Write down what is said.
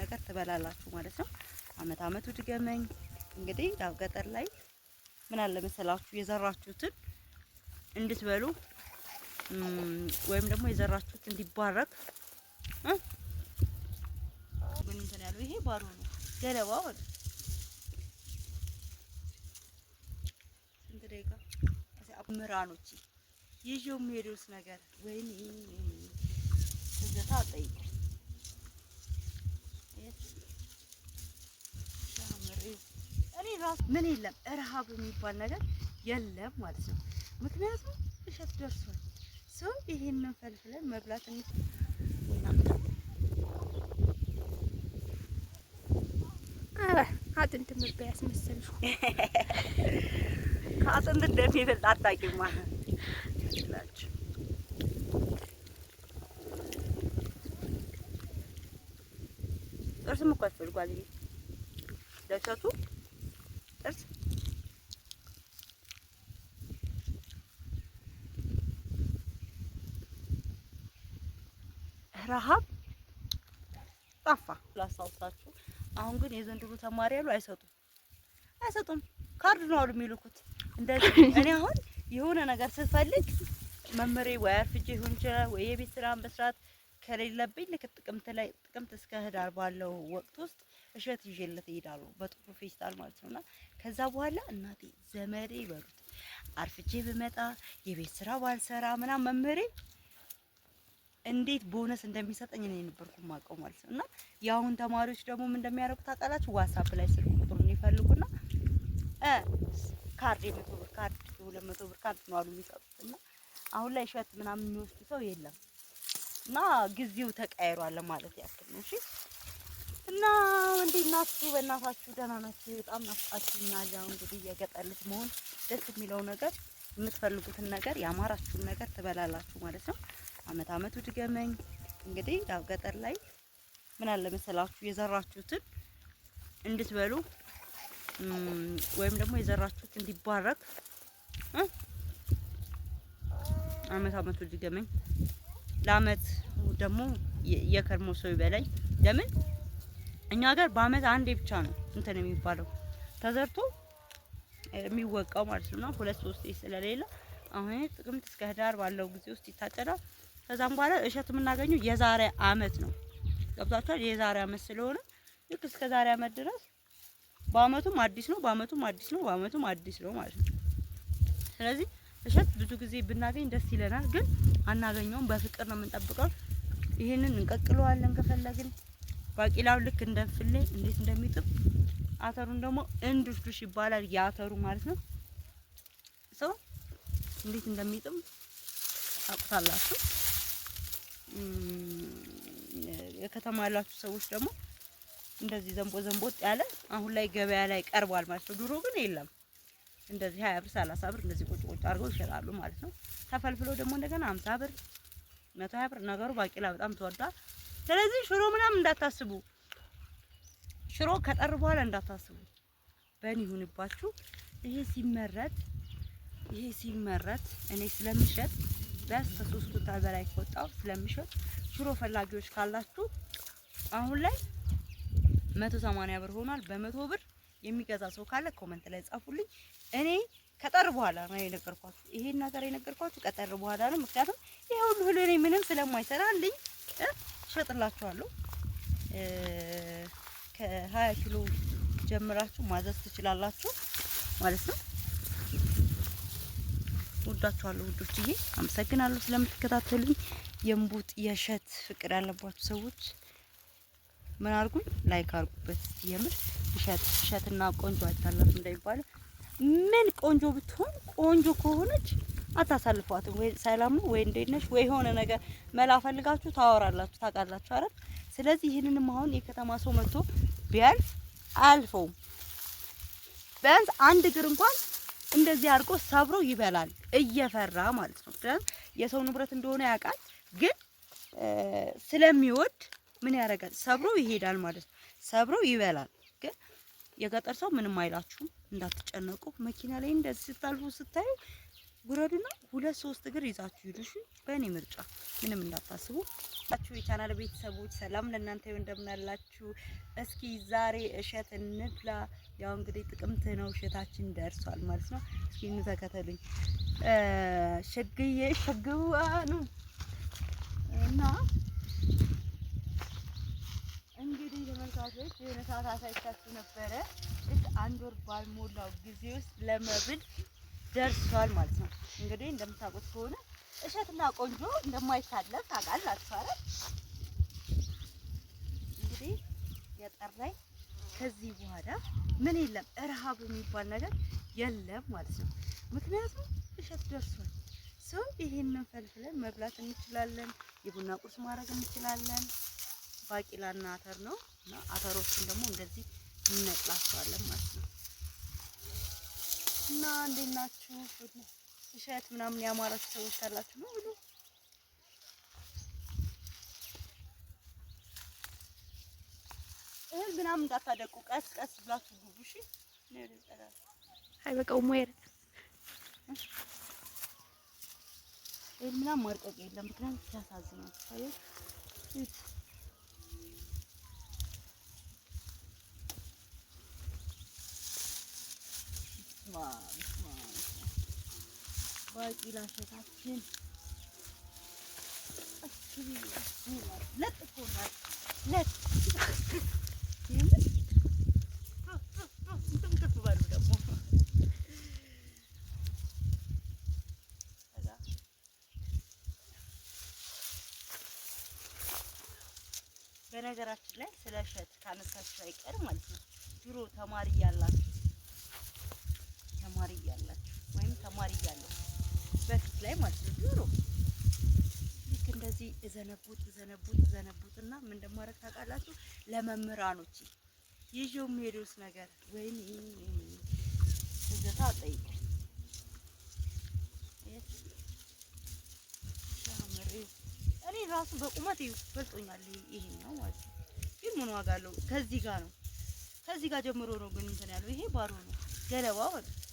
ነገር ትበላላችሁ ማለት ነው። አመት አመቱ ድገመኝ። እንግዲህ ያው ገጠር ላይ ምን አለ መሰላችሁ የዘራችሁትን እንድትበሉ ወይም ደግሞ የዘራችሁት እንዲባረክ ምን እንትን ያለው ይሄ ባዶ ነው ገለባ ማለት ምራኖች ይዤው የምሄደውስ ነገር ወይኔ እዘታ አጠይቁ ራሱ ምን የለም ረሃብ የሚባል ነገር የለም ማለት ነው። ምክንያቱም እሸት ደርሷል። ሰው ይሄንን ፈልፍለን መብላት አጥንት ምርጥ ያስመስልሽ ከአጥንት እንደሚበልጥ አታውቂማ ይላችሁ ጥርስም እኮ ያስፈልጓል ለእሸቱ ጥርስ ረሀብ ጠፋ። ላስታውሳችሁ አሁን ግን የዘንድሮ ተማሪ ያሉ አይሰጡም አይሰጡም ካርድ ነው አሉ የሚልኩት። እንደዚህ እኔ አሁን የሆነ ነገር ስፈልግ መምሬ ወይ አርፍጄ ይሆን ይችላል ወይ የቤት ስራን በስርዓት ከሌለብኝ ልክ ጥቅምት ላይ ጥቅምት እስከ ህዳር ባለው ወቅት ውስጥ እሸት ይዤለት ይሄዳሉ፣ በጥሩ ፌስታል ማለት ነውና ከዛ በኋላ እናቴ ዘመዴ ይበሉት አርፍጄ ብመጣ የቤት ስራ ባልሰራ ምናምን መምህሬ እንዴት ቦነስ እንደሚሰጠኝ እኔ ነበርኩ ማቀው ማለት ነው። እና የአሁን ተማሪዎች ደግሞ ምን እንደሚያደርጉት ታውቃላችሁ? ዋትስአፕ ላይ ስልክ ቁጥሩን ይፈልጉና ካርድ የመቶ ብር ካርድ ሁለት መቶ ብር ካርድ ነው አሉ የሚሰጡት። እና አሁን ላይ እሸት ምናምን የሚወስዱ ሰው የለም። እና ጊዜው ተቀያይሯል ማለት ያክል ነው። እሺ እና እንዴት ናችሁ? በእናታችሁ ደህና ናችሁ? በጣም ናፍቃችሁኛል። ያው እንግዲህ የገጠር ልጅ መሆን ደስ የሚለው ነገር የምትፈልጉትን ነገር ያማራችሁን ነገር ትበላላችሁ ማለት ነው። አመት አመቱ ድገመኝ። እንግዲህ ያው ገጠር ላይ ምን አለ መሰላችሁ የዘራችሁትን እንድትበሉ ወይም ደግሞ የዘራችሁት እንዲባረክ አመት አመቱ ድገመኝ ለአመት ደግሞ የከርሞ ሰው ይበላኝ። ለምን እኛ ሀገር በአመት አንዴ ብቻ ነው እንትን የሚባለው ተዘርቶ የሚወቃው ማለት ነው ሁለት ሶስት ስለሌለ አሁን ጥቅምት እስከ ህዳር ባለው ጊዜ ውስጥ ይታጨዳል። ከዛም በኋላ እሸት የምናገኘው የዛሬ አመት ነው። ገብቷችኋል? የዛሬ አመት ስለሆነ ልክ እስከ ዛሬ አመት ድረስ በአመቱም አዲስ ነው፣ በአመቱም አዲስ ነው፣ በአመቱም አዲስ ነው ማለት ነው። ስለዚህ እሸት ብዙ ጊዜ ብናገኝ ደስ ይለናል ግን አናገኘውም። በፍቅር ነው የምንጠብቀው። ይህንን እንቀቅለዋለን ከፈለግን ባቂላው ልክ እንደፍሌ እንዴት እንደሚጥም አተሩን ደግሞ እንዱሽዱሽ ይባላል የአተሩ ማለት ነው። ሰው እንዴት እንደሚጥም አቁታላችሁ። የከተማ ያላችሁ ሰዎች ደግሞ እንደዚህ ዘንቦ ዘንቦጥ ያለ አሁን ላይ ገበያ ላይ ቀርቧል ማለት ነው። ድሮ ግን የለም እንደዚህ 20 ብር 30 ብር እንደዚህ ቁርጭ አድርገው ይሸጣሉ ማለት ነው። ተፈልፍሎ ደግሞ እንደገና 50 ብር 120 ብር ነገሩ ባቂላ በጣም ተወዳ ስለዚህ ሽሮ ምናምን እንዳታስቡ፣ ሽሮ ከጠር በኋላ እንዳታስቡ። በን ይሁንባችሁ። ይሄ ሲመረት ይሄ ሲመረት እኔ ስለምሸጥ በስተ 3 ኩንታል በላይ ከወጣው ስለምሸጥ ሽሮ ፈላጊዎች ካላችሁ አሁን ላይ 180 ብር ሆኗል። በመቶ ብር የሚገዛ ሰው ካለ ኮመንት ላይ ጻፉልኝ። እኔ ከጠር በኋላ ነው የነገርኳችሁ። ይሄን ነገር የነገርኳችሁ ከጠር በኋላ ነው። ምክንያቱም ይሄ ሁሉ ሁሉ እኔ ምንም ስለማይሰራልኝ እሸጥላችኋለሁ። ከሀያ ኪሎ ጀምራችሁ ማዘዝ ትችላላችሁ ማለት ነው። ወዳችኋለሁ ውዶች። ይሄ አመሰግናለሁ ስለምትከታተሉኝ። የእምቡጥ የእሸት ፍቅር ያለባችሁ ሰዎች ምን አርጉኝ? ላይክ አርጉበት። የምር እሸት እሸትና ቆንጆ አይታላችሁ እንዳይባለው ምን ቆንጆ ብትሆን ቆንጆ ከሆነች አታሳልፏትም። ወይ ሰላም ነው ወይ እንዴት ነሽ ወይ የሆነ ነገር መላ ፈልጋችሁ ታወራላችሁ፣ ታውቃላችሁ አይደል? ስለዚህ ይህንንም አሁን የከተማ ሰው መጥቶ ቢያንስ አልፈውም ቢያንስ አንድ እግር እንኳን እንደዚህ አድርጎ ሰብሮ ይበላል፣ እየፈራ ማለት ነው። ስለዚህ የሰው ንብረት እንደሆነ ያውቃል፣ ግን ስለሚወድ ምን ያደርጋል? ሰብሮ ይሄዳል ማለት ነው። ሰብሮ ይበላል። የገጠር ሰው ምንም አይላችሁም፣ እንዳትጨነቁ። መኪና ላይ እንደዚህ ስታልፉ ስታዩ ጉረዱና ሁለት ሶስት እግር ይዛችሁ ይሉሽ። በእኔ ምርጫ ምንም እንዳታስቡ። አችሁ የቻናል ቤተሰቦች ሰላም ለእናንተ ይሁን፣ እንደምናላችሁ። እስኪ ዛሬ እሸት እንብላ። ያው እንግዲህ ጥቅምት ነው፣ እሸታችን ደርሷል ማለት ነው። እስኪ ኑ ሸግዬ ሸግዋ ነው እና እንግዲህ ተመልካቾች የሆነ ሰዓት አሳይቻችሁ ነበረ። ልክ አንድ ወር ባልሞላው ጊዜ ውስጥ ለመብል ደርሷል ማለት ነው። እንግዲህ እንደምታውቁት ከሆነ እሸትና ቆንጆ እንደማይታለፍ ታውቃላችሁ አይደል? እንግዲህ የጠር ላይ ከዚህ በኋላ ምን የለም እርሃብ የሚባል ነገር የለም ማለት ነው። ምክንያቱም እሸት ደርሷል። ሰው ይሄንን ፈልፍለን መብላት እንችላለን። የቡና ቁርስ ማድረግ እንችላለን። ባቂላና አተር ነው እና አተሮችን ደግሞ እንደዚህ እንነቅላቸዋለን ማለት ነው። እና እንዴት ናችሁ? እሸት ምናምን ያማራችሁ ሰዎች ካላችሁ ነው ብሎ እህል ምናምን እንዳታደቁ ቀስ ቀስ ብላችሁ ግቡ። እሺ በቃው ሞየር እህል ምናምን ማርቀቅ የለም ምክንያቱም ሲያሳዝናል ታየ ባቂላ እሸታችን በነገራችን ላይ ስለ እሸት ካነሳችሁ አይቀር ማለት ነው ድሮ ተማሪ ያላችሁ ተማሪ እያላችሁ ወይም ተማሪ እያለሁ በፊት ላይ ማለት ነው ድሮ ልክ እንደዚህ እዘነቡት እዘነቡት እዘነቡት እና ምን እንደማደርግ ታውቃላችሁ? ለመምህራኖች ይዤው የሚሄዱት ነገር ወይም እዘታ ጠይቁ እኔ ራሱ በቁመት በልጦኛል። ይሄኛው ማለት ነው ግን ምን ዋጋ አለው? ከዚህ ጋር ነው ከዚህ ጋር ጀምሮ ነው ግን እንትን ያለው ይሄ ባዶ ነው ገለባ ማለት ነው።